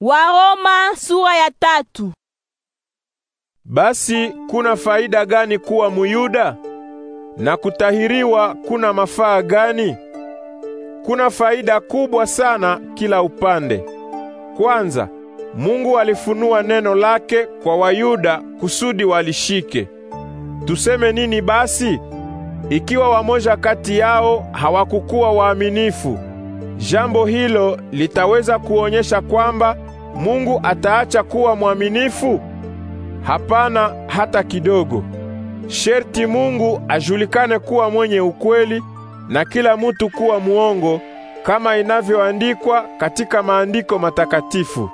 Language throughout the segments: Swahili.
Waroma sura ya tatu. Basi kuna faida gani kuwa Muyuda? Na kutahiriwa kuna mafaa gani? Kuna faida kubwa sana kila upande. Kwanza, Mungu alifunua neno lake kwa Wayuda kusudi walishike. Tuseme nini basi? Ikiwa wamoja kati yao hawakukuwa waaminifu, jambo hilo litaweza kuonyesha kwamba Mungu ataacha kuwa mwaminifu? Hapana hata kidogo. Sherti Mungu ajulikane kuwa mwenye ukweli na kila mutu kuwa muongo kama inavyoandikwa katika maandiko matakatifu.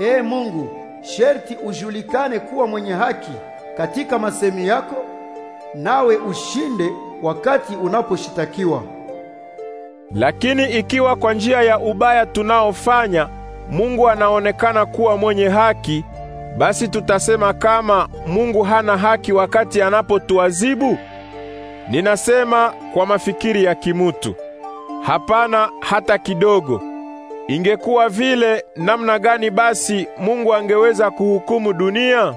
Ee Mungu, sherti ujulikane kuwa mwenye haki katika masemi yako, nawe ushinde wakati unaposhitakiwa. Lakini ikiwa kwa njia ya ubaya tunaofanya Mungu anaonekana kuwa mwenye haki, basi tutasema kama Mungu hana haki wakati anapotuadhibu? Ninasema kwa mafikiri ya kimutu. Hapana hata kidogo. Ingekuwa vile namna gani basi Mungu angeweza kuhukumu dunia?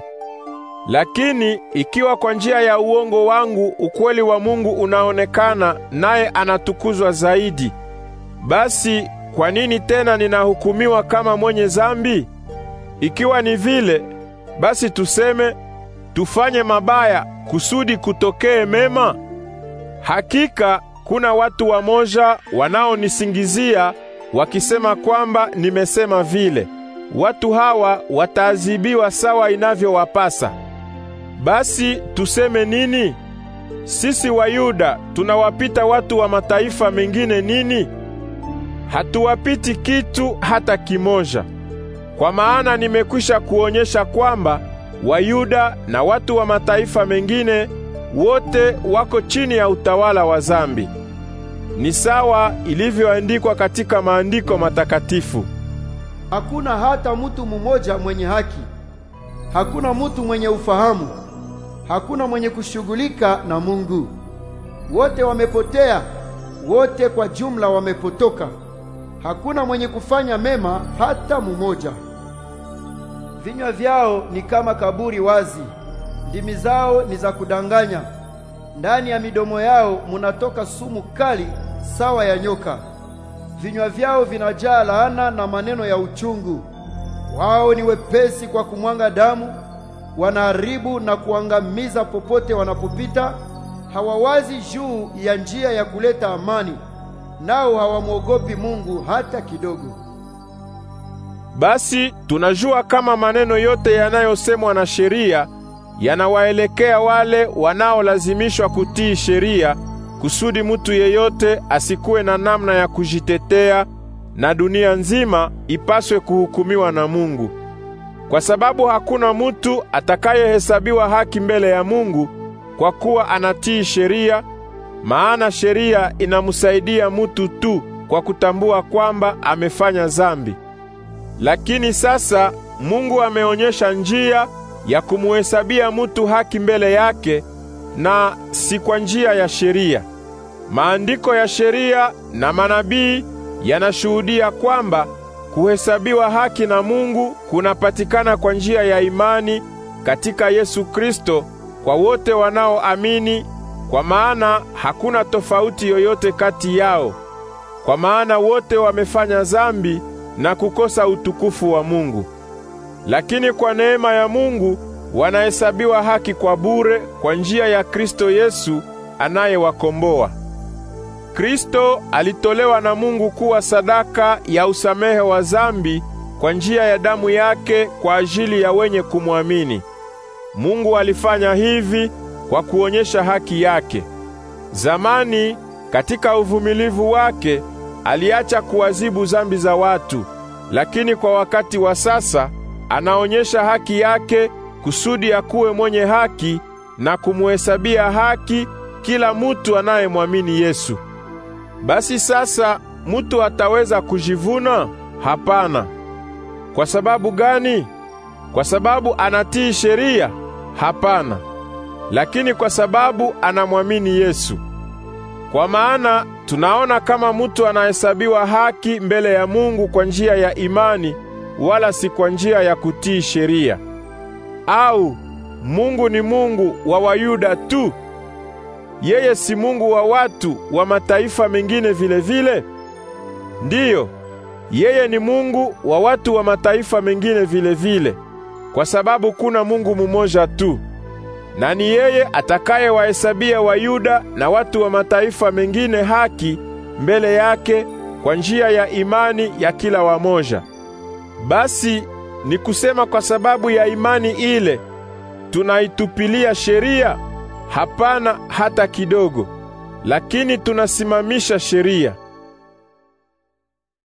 Lakini ikiwa kwa njia ya uongo wangu ukweli wa Mungu unaonekana naye anatukuzwa zaidi, basi kwa nini tena ninahukumiwa kama mwenye zambi? Ikiwa ni vile, basi tuseme tufanye mabaya kusudi kutokee mema? Hakika kuna watu wamoja wanaonisingizia wakisema kwamba nimesema vile. Watu hawa wataadhibiwa sawa inavyowapasa. Basi tuseme nini? Sisi Wayuda tunawapita watu wa mataifa mengine nini? hatuwapiti kitu hata kimoja, kwa maana nimekwisha kuonyesha kwamba Wayuda na watu wa mataifa mengine wote wako chini ya utawala wa zambi. Ni sawa ilivyoandikwa katika maandiko matakatifu, hakuna hata mutu mumoja mwenye haki, hakuna mutu mwenye ufahamu, hakuna mwenye kushughulika na Mungu. Wote wamepotea, wote kwa jumla wamepotoka hakuna mwenye kufanya mema hata mumoja. Vinywa vyao ni kama kaburi wazi, ndimi zao ni za kudanganya. Ndani ya midomo yao munatoka sumu kali sawa ya nyoka. Vinywa vyao vinajaa laana na maneno ya uchungu. Wao ni wepesi kwa kumwanga damu, wanaharibu na kuangamiza popote wanapopita. Hawawazi juu ya njia ya kuleta amani nao hawamwogopi Mungu hata kidogo. Basi tunajua kama maneno yote yanayosemwa na sheria yanawaelekea wale wanaolazimishwa kutii sheria, kusudi mutu yeyote asikuwe na namna ya kujitetea, na dunia nzima ipaswe kuhukumiwa na Mungu, kwa sababu hakuna mutu atakayehesabiwa haki mbele ya Mungu kwa kuwa anatii sheria maana sheria inamsaidia mutu tu kwa kutambua kwamba amefanya zambi. Lakini sasa Mungu ameonyesha njia ya kumuhesabia mutu haki mbele yake na si kwa njia ya sheria. Maandiko ya sheria na manabii yanashuhudia kwamba kuhesabiwa haki na Mungu kunapatikana kwa njia ya imani katika Yesu Kristo kwa wote wanaoamini kwa maana hakuna tofauti yoyote kati yao, kwa maana wote wamefanya zambi na kukosa utukufu wa Mungu. Lakini kwa neema ya Mungu wanahesabiwa haki kwa bure kwa njia ya Kristo Yesu anayewakomboa. Kristo alitolewa na Mungu kuwa sadaka ya usamehe wa zambi kwa njia ya damu yake kwa ajili ya wenye kumwamini. Mungu alifanya hivi kwa kuonyesha haki yake. Zamani katika uvumilivu wake aliacha kuwazibu zambi za watu, lakini kwa wakati wa sasa anaonyesha haki yake kusudi akuwe mwenye haki na kumuhesabia haki kila mutu anayemwamini Yesu. Basi sasa mutu ataweza kujivuna? Hapana. Kwa sababu gani? Kwa sababu anatii sheria? Hapana lakini kwa sababu anamwamini Yesu. Kwa maana tunaona kama mtu anahesabiwa haki mbele ya Mungu kwa njia ya imani, wala si kwa njia ya kutii sheria. Au Mungu ni Mungu wa Wayuda tu? Yeye si Mungu wa watu wa mataifa mengine vile vile? Ndiyo, yeye ni Mungu wa watu wa mataifa mengine vile vile, kwa sababu kuna Mungu mumoja tu na ni yeye atakayewahesabia Wayuda na watu wa mataifa mengine haki mbele yake kwa njia ya imani ya kila wamoja. Basi ni kusema kwa sababu ya imani ile tunaitupilia sheria? Hapana hata kidogo. Lakini tunasimamisha sheria.